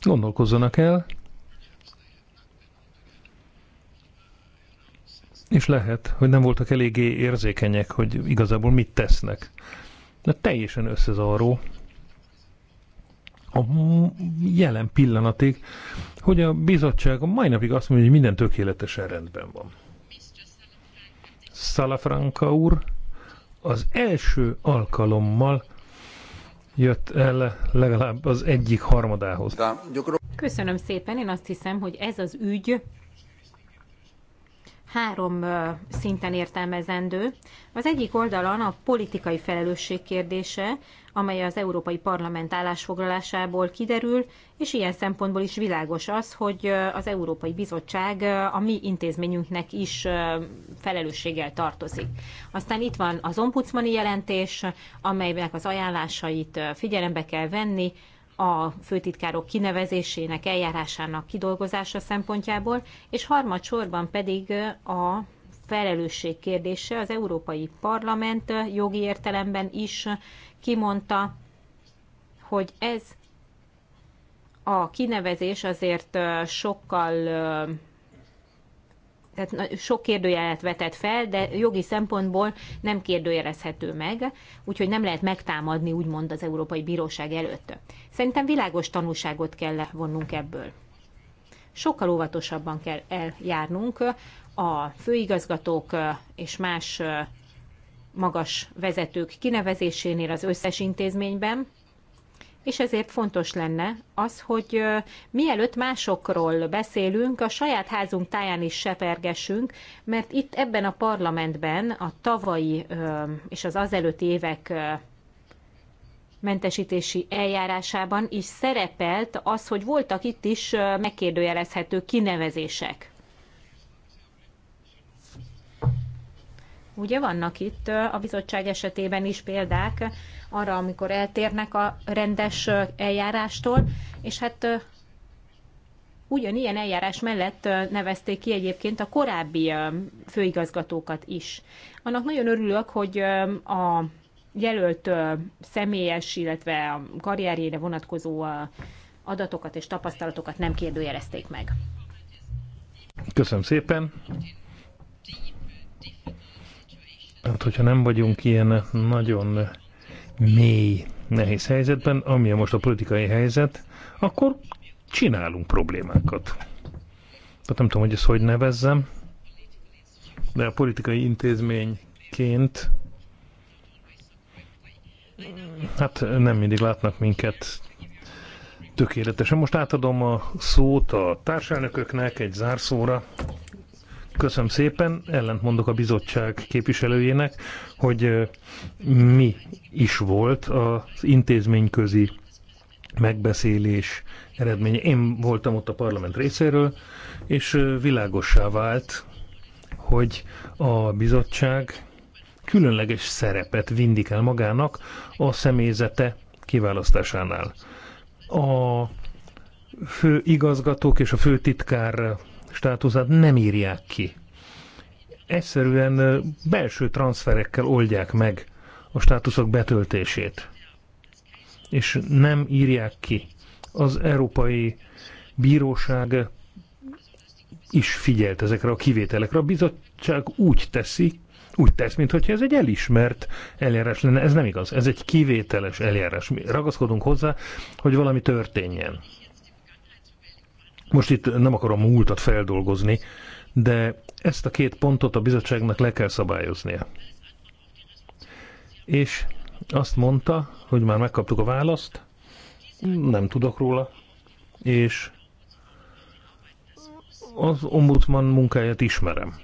Gondolkozzanak el. És lehet, hogy nem voltak eléggé érzékenyek, hogy igazából mit tesznek. De teljesen összezavaró a jelen pillanatig, hogy a bizottság a mai napig azt mondja, hogy minden tökéletesen rendben van. Salafranca úr az első alkalommal jött el legalább az egyik harmadához. Köszönöm szépen, én azt hiszem, hogy ez az ügy három szinten értelmezendő. Az egyik oldalon a politikai felelősség kérdése, amely az Európai Parlament állásfoglalásából kiderül, és ilyen szempontból is világos az, hogy az Európai Bizottság a mi intézményünknek is felelősséggel tartozik. Aztán itt van az ombudsmani jelentés, amelynek az ajánlásait figyelembe kell venni, a főtitkárok kinevezésének, eljárásának kidolgozása szempontjából, és harmadsorban pedig a felelősség kérdése az Európai Parlament jogi értelemben is kimondta, hogy ez a kinevezés azért sokkal tehát sok kérdőjelet vetett fel, de jogi szempontból nem kérdőjelezhető meg, úgyhogy nem lehet megtámadni úgymond az Európai Bíróság előtt. Szerintem világos tanulságot kell vonnunk ebből. Sokkal óvatosabban kell eljárnunk a főigazgatók és más magas vezetők kinevezésénél az összes intézményben, és ezért fontos lenne az, hogy mielőtt másokról beszélünk, a saját házunk táján is sepergessünk, mert itt ebben a parlamentben a tavalyi és az azelőtti évek mentesítési eljárásában is szerepelt az, hogy voltak itt is megkérdőjelezhető kinevezések. Ugye vannak itt a bizottság esetében is példák, arra, amikor eltérnek a rendes eljárástól, és hát ugyanilyen eljárás mellett nevezték ki egyébként a korábbi főigazgatókat is. Annak nagyon örülök, hogy a jelölt személyes, illetve a karrierjére vonatkozó adatokat és tapasztalatokat nem kérdőjelezték meg. Köszönöm szépen. Hát, hogyha nem vagyunk ilyen nagyon mély, nehéz helyzetben, ami most a politikai helyzet, akkor csinálunk problémákat. Tehát nem tudom, hogy ezt hogy nevezzem, de a politikai intézményként hát nem mindig látnak minket tökéletesen. Most átadom a szót a társelnököknek egy zárszóra. Köszönöm szépen, ellent mondok a bizottság képviselőjének, hogy mi is volt az intézményközi megbeszélés eredménye. Én voltam ott a parlament részéről, és világossá vált, hogy a bizottság különleges szerepet vindik el magának a személyzete kiválasztásánál. A fő igazgatók és a főtitkár státuszát nem írják ki. Egyszerűen belső transferekkel oldják meg a státuszok betöltését, és nem írják ki. Az Európai Bíróság is figyelt ezekre a kivételekre. A bizottság úgy teszi, úgy tesz, mintha ez egy elismert eljárás lenne. Ez nem igaz, ez egy kivételes eljárás. Mi ragaszkodunk hozzá, hogy valami történjen. Most itt nem akarom múltat feldolgozni, de ezt a két pontot a bizottságnak le kell szabályoznia. És azt mondta, hogy már megkaptuk a választ, nem tudok róla, és az ombudsman munkáját ismerem.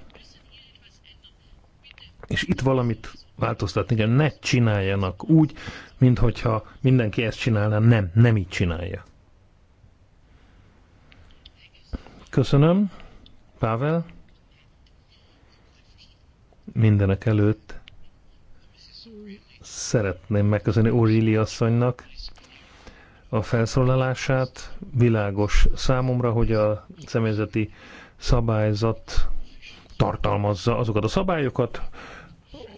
És itt valamit változtatni kell, ne csináljanak úgy, mintha mindenki ezt csinálná, nem, nem így csinálja. Köszönöm, Pável. Mindenek előtt szeretném megköszönni Orili asszonynak a felszólalását. Világos számomra, hogy a személyzeti szabályzat tartalmazza azokat a szabályokat,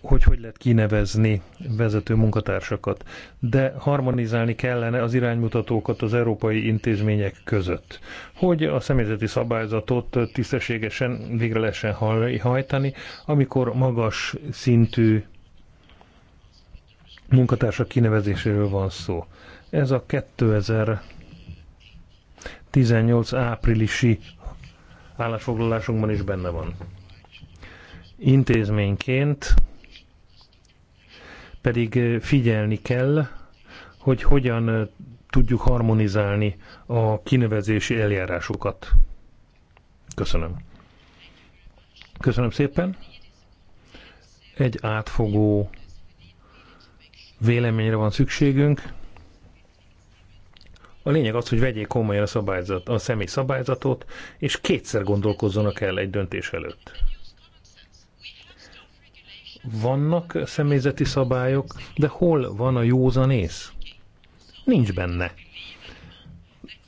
hogy hogy lehet kinevezni vezető munkatársakat. De harmonizálni kellene az iránymutatókat az európai intézmények között, hogy a személyzeti szabályzatot tisztességesen végre lehessen hajtani, amikor magas szintű munkatársak kinevezéséről van szó. Ez a 2018 áprilisi állásfoglalásunkban is benne van. Intézményként pedig figyelni kell, hogy hogyan tudjuk harmonizálni a kinevezési eljárásokat. Köszönöm. Köszönöm szépen. Egy átfogó véleményre van szükségünk. A lényeg az, hogy vegyék komolyan a, szabályzat, a személy szabályzatot, és kétszer gondolkozzanak el egy döntés előtt vannak személyzeti szabályok, de hol van a józanész? Nincs benne.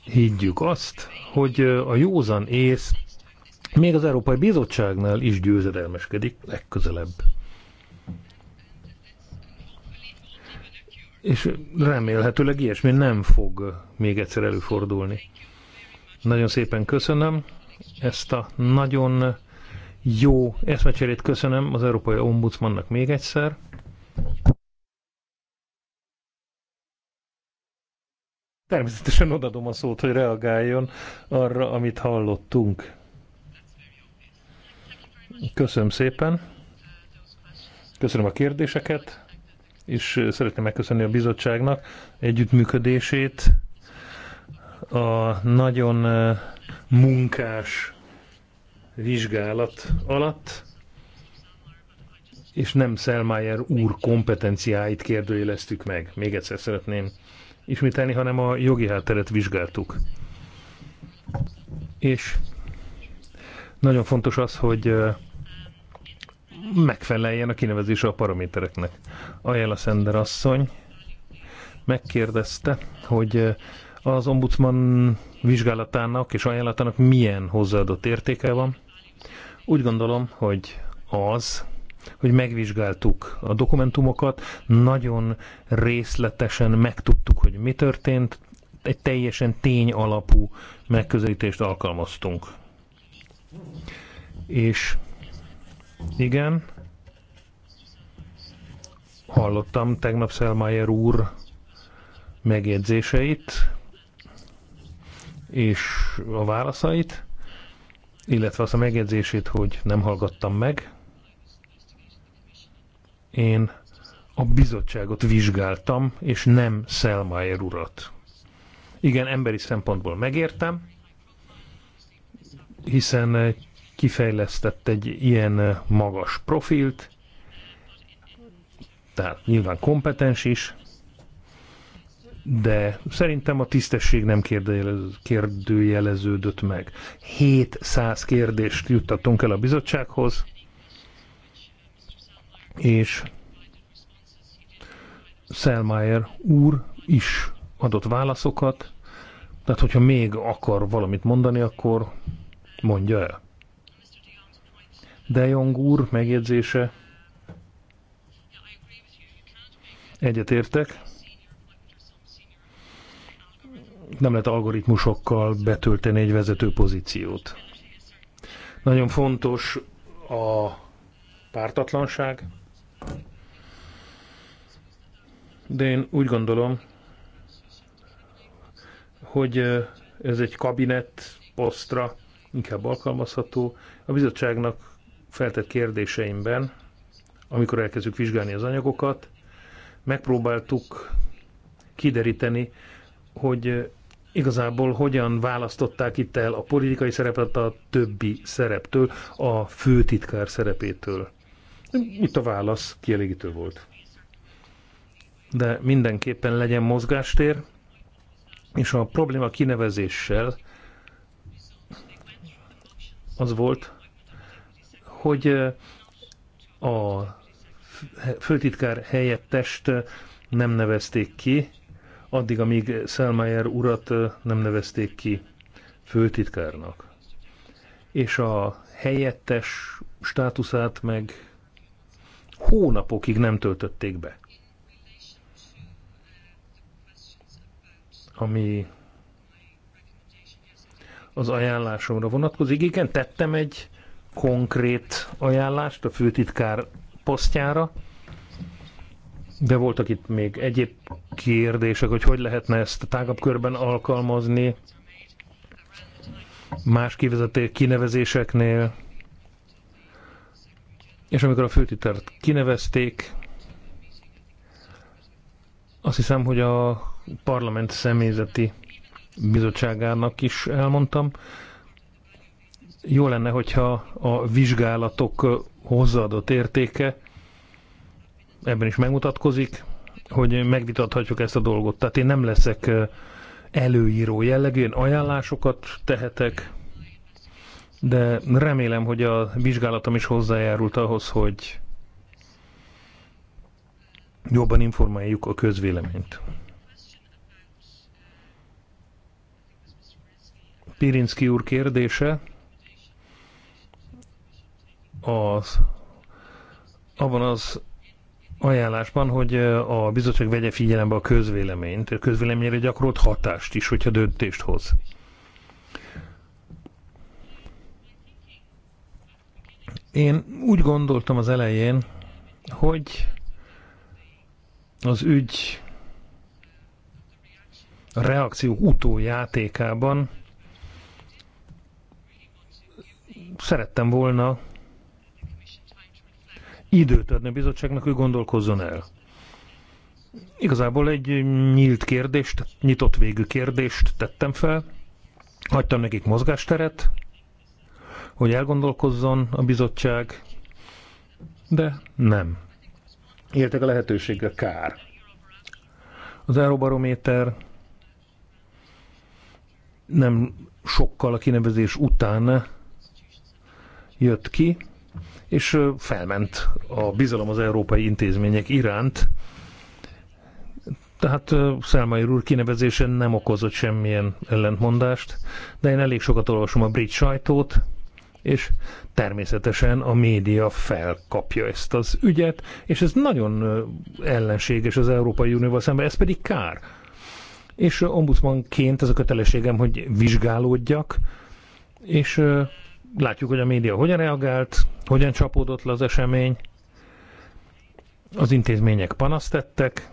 Higgyük azt, hogy a józan ész még az Európai Bizottságnál is győzedelmeskedik legközelebb. És remélhetőleg ilyesmi nem fog még egyszer előfordulni. Nagyon szépen köszönöm ezt a nagyon jó eszmecserét köszönöm az Európai Ombudsmannak még egyszer. Természetesen odadom a szót, hogy reagáljon arra, amit hallottunk. Köszönöm szépen. Köszönöm a kérdéseket, és szeretném megköszönni a bizottságnak együttműködését a nagyon eh, munkás vizsgálat alatt, és nem Szelmájer úr kompetenciáit kérdőjeleztük meg. Még egyszer szeretném ismételni, hanem a jogi hátteret vizsgáltuk. És nagyon fontos az, hogy megfeleljen a kinevezése a paramétereknek. Ajala Szender asszony megkérdezte, hogy az ombudsman vizsgálatának és ajánlatának milyen hozzáadott értéke van. Úgy gondolom, hogy az, hogy megvizsgáltuk a dokumentumokat, nagyon részletesen megtudtuk, hogy mi történt, egy teljesen tény alapú megközelítést alkalmaztunk. És igen, hallottam tegnap Szelmájer úr megjegyzéseit, és a válaszait, illetve azt a megjegyzését, hogy nem hallgattam meg. Én a bizottságot vizsgáltam, és nem Szelmaier urat. Igen, emberi szempontból megértem, hiszen kifejlesztett egy ilyen magas profilt, tehát nyilván kompetens is, de szerintem a tisztesség nem kérdőjeleződött meg. 700 kérdést juttattunk el a bizottsághoz, és Selmayr úr is adott válaszokat, tehát hogyha még akar valamit mondani, akkor mondja el. De Jong úr megjegyzése. Egyetértek nem lehet algoritmusokkal betölteni egy vezető pozíciót. Nagyon fontos a pártatlanság, de én úgy gondolom, hogy ez egy kabinet posztra inkább alkalmazható. A bizottságnak feltett kérdéseimben, amikor elkezdjük vizsgálni az anyagokat, megpróbáltuk kideríteni, hogy igazából hogyan választották itt el a politikai szerepet a többi szereptől, a főtitkár szerepétől. Itt a válasz kielégítő volt. De mindenképpen legyen mozgástér, és a probléma kinevezéssel az volt, hogy a főtitkár helyettest nem nevezték ki, addig, amíg Szelmayer urat nem nevezték ki főtitkárnak. És a helyettes státuszát meg hónapokig nem töltötték be. Ami az ajánlásomra vonatkozik. Igen, tettem egy konkrét ajánlást a főtitkár posztjára, de voltak itt még egyéb kérdések, hogy hogy lehetne ezt tágabb körben alkalmazni, más kinevezéseknél. És amikor a főtitert kinevezték, azt hiszem, hogy a parlament személyzeti bizottságának is elmondtam, jó lenne, hogyha a vizsgálatok hozzáadott értéke ebben is megmutatkozik, hogy megvitathatjuk ezt a dolgot. Tehát én nem leszek előíró jellegű, én ajánlásokat tehetek, de remélem, hogy a vizsgálatom is hozzájárult ahhoz, hogy jobban informáljuk a közvéleményt. Pirinski úr kérdése az abban az ajánlásban, hogy a bizottság vegye figyelembe a közvéleményt, a közvéleményre gyakorolt hatást is, hogyha döntést hoz. Én úgy gondoltam az elején, hogy az ügy a reakció utójátékában szerettem volna időt adni a bizottságnak, hogy gondolkozzon el. Igazából egy nyílt kérdést, nyitott végű kérdést tettem fel, hagytam nekik mozgásteret, hogy elgondolkozzon a bizottság, de nem. Éltek a lehetőségre kár. Az Eurobarométer nem sokkal a kinevezés után jött ki, és felment a bizalom az európai intézmények iránt. Tehát Szelmai úr kinevezése nem okozott semmilyen ellentmondást, de én elég sokat olvasom a brit sajtót, és természetesen a média felkapja ezt az ügyet, és ez nagyon ellenséges az Európai Unióval szemben, ez pedig kár. És ombudsmanként ez a kötelességem, hogy vizsgálódjak, és látjuk, hogy a média hogyan reagált, hogyan csapódott le az esemény, az intézmények panaszt tettek,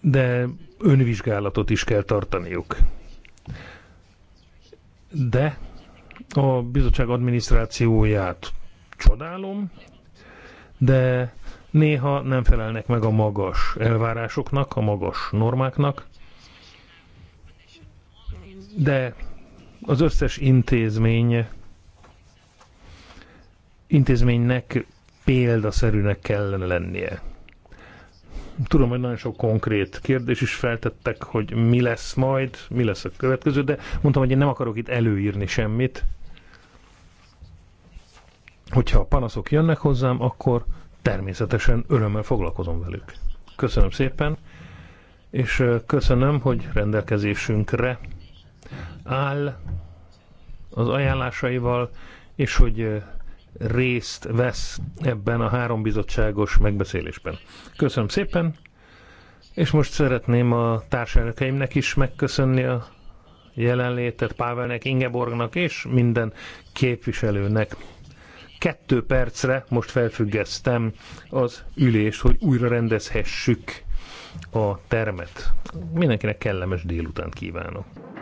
de önvizsgálatot is kell tartaniuk. De a bizottság adminisztrációját csodálom, de néha nem felelnek meg a magas elvárásoknak, a magas normáknak, de az összes intézmény intézménynek példaszerűnek kellene lennie. Tudom, hogy nagyon sok konkrét kérdés is feltettek, hogy mi lesz majd, mi lesz a következő, de mondtam, hogy én nem akarok itt előírni semmit. Hogyha a panaszok jönnek hozzám, akkor természetesen örömmel foglalkozom velük. Köszönöm szépen, és köszönöm, hogy rendelkezésünkre áll az ajánlásaival, és hogy részt vesz ebben a három bizottságos megbeszélésben. Köszönöm szépen, és most szeretném a társelnökeimnek is megköszönni a jelenlétet, Pávelnek, Ingeborgnak és minden képviselőnek. Kettő percre most felfüggesztem az ülést, hogy újra rendezhessük a termet. Mindenkinek kellemes délutánt kívánok.